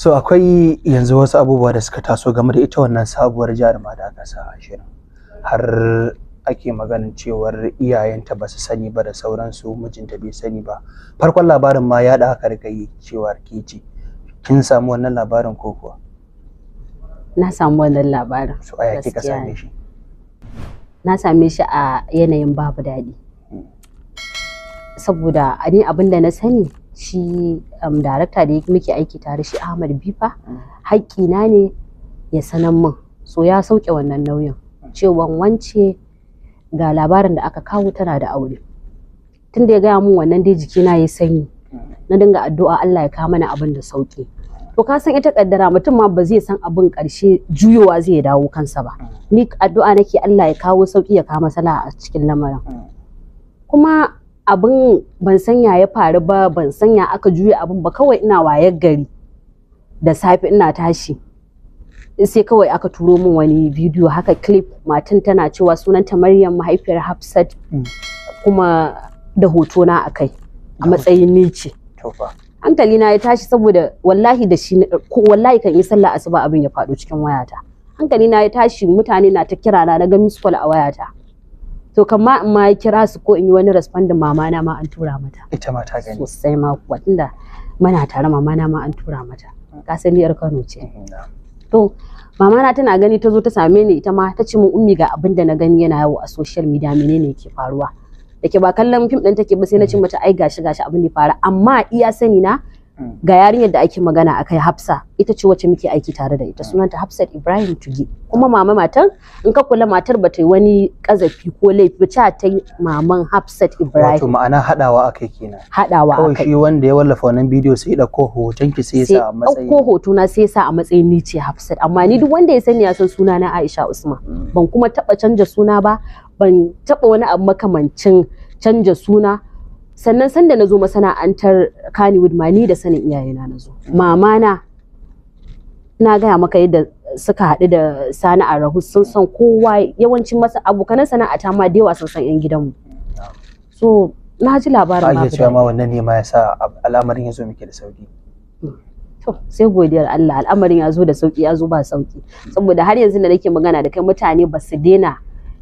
so akwai yanzu wasu abubuwa da suka taso game da ita wannan sabuwar jaruma da aka har ake maganin cewar iyayenta ba su sani ba da sauransu mijinta bai sani ba farkon labarin ma ya da aka rika yi cewa kici kin samu wannan labarin ko kuwa na samu wannan labarin so aya ka same shi na same shi a yanayin babu daɗi hmm. saboda ni abin da na sani shi um, darakta da muke aiki tare shi Ahmad Bifa mm. haƙƙina ne ya sanan min so ya sauke wannan nauyin cewan wance ga labarin da aka kawo tana da aure tun da ya gaya mun wannan dai jikina ya sanyi na dinga addu'a Allah ya kawo mana abin da sauƙi to ka san ita kaddara mutum ma ba zai san abin ƙarshe juyowa zai dawo kansa ba mm. ni addu'a nake Allah ya kawo sauki ya kawo masala a cikin lamarin mm. kuma abin ban sanya ya faru ba ban sanya aka juya abin ba kawai ina wayar gari da safe ina tashi sai kawai aka turo min wani bidiyo haka clip matan tana cewa sunanta maryam mahaifiyar hafsat kuma da hotona a kai a matsayin ni hankali na ya tashi saboda wallahi da shi wallahi kan yi sallah asuba abin ya faɗo cikin wayata hankali na ya tashi mutane na ta kirana na ga miss a wayata to kamma in ma kira su ko in yi wani respondin mama na ma an tura mata ita ma ta gani sosai ma kuwa tunda muna tare mama na ma an tura mata ka san ni yar Kano ce to mama na tana gani ta zo ta same ni ita ma ta ce min ummi ga abin da na gani yana yawo a social media menene yake faruwa da ba kallon fim din take ba sai na ce mata ai gashi gashi abin da ya faru amma iya sani na Mm. ga yarinyar da ake magana akai Hafsa ita ce wacce muke aiki tare da ita mm. sunanta Hafsat Ibrahim Tugi kuma mama matan in ka kula matar ba ta yi wani kazafi ko laifi ba ta ta maman Hafsat Ibrahim wato ma'ana hadawa akai kenan hadawa akai kawai shi wanda ya wallafa wannan bidiyo sai da ko hoton ki sai sa a matsayin ko hoto na sai sa a matsayin ni ce Hafsat amma ni duk wanda ya sani ya san suna na Aisha Usman mm. ban kuma taba canja suna ba ban taba wani abu makamancin canja suna sannan sanda na zo masana'antar Kannywood ma ni da sanin iyaye na zo. mamana na gaya maka yadda suka haɗu da sani a rahus sun san kowa yawancin masa abokanan sana'ata ma da yawa sun san 'yan gidanmu. So na ji labarin ma. Ake cewa ma wannan ne ma ya sa al'amarin ya zo miki da sauki. To sai godiyar Allah al'amarin ya zo da sauki ya zo ba sauki saboda har yanzu da nake magana da kai mutane ba su dena.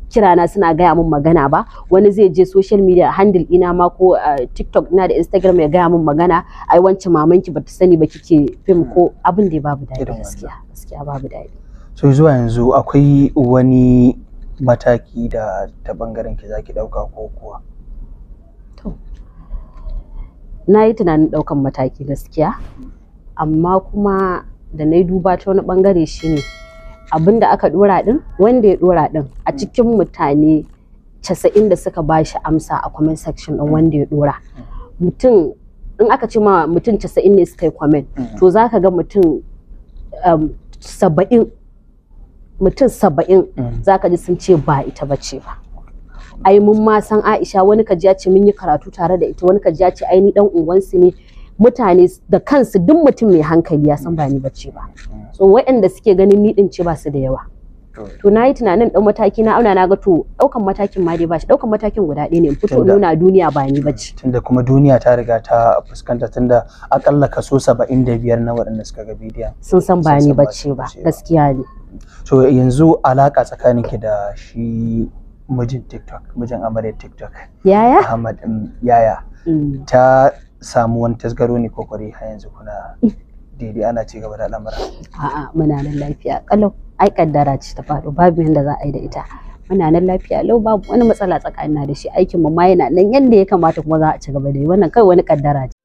kirana suna gaya min magana ba wani zai je social media handle ina ma ko eh, tiktok ina da instagram ya gaya min magana ai wancan mamanki ta sani ba kike fim ko hmm. abin da babu daɗi gaskiya gaskiya babu daɗi so zuwa yanzu akwai wani mataki da ta bangaren ki zaki dauka ko kuwa to na yi tunanin daukan mataki gaskiya amma kuma da na yi duba ta wani bangare shine abin da aka dora din wanda ya dora din a cikin mutane casa'in da suka ba shi amsa a comment section din wanda ya dora mutum in aka ce ma mutum casa'in ne suka yi comment to za ka ga mutum um, saba'in mutum saba'in za ka ji sun ce ba ita ba ce ba ai mun ma san aisha wani ka ya ce mun yi karatu tare da ita wani ka ya ce ai ni dan uwansu ne mutane da kansu duk mutum mai hankali ya san ba ni bace ba so waɗanda suke ganin ni din ce ba su da yawa to na yi tunanin ɗan mataki na auna na ga to ɗaukan matakin ma dai ba shi ɗaukan matakin guda ɗaya ne fito nuna duniya ba ni bace tunda kuma duniya ta riga ta fuskanta tunda akalla kaso saba'in da biyar na waɗanda suka ga bidiyon sun san ba ni bace ba gaskiya ne to yanzu alaka ki da shi mijin tiktok mijin amaryar tiktok yaya ahmad mm, yaya mm. ta samu wani tasgaro ne ko har yanzu kuna daidai ana ci gaba da al'amura a'a muna nan lafiya kalau ai kaddara ce ta faɗo babu yanda za a yi da ita muna nan lafiya lau babu wani matsala tsakanin da shi aikin mu ma yana nan yanda ya kamata kuma za a ci gaba da yi wannan kai wani kaddara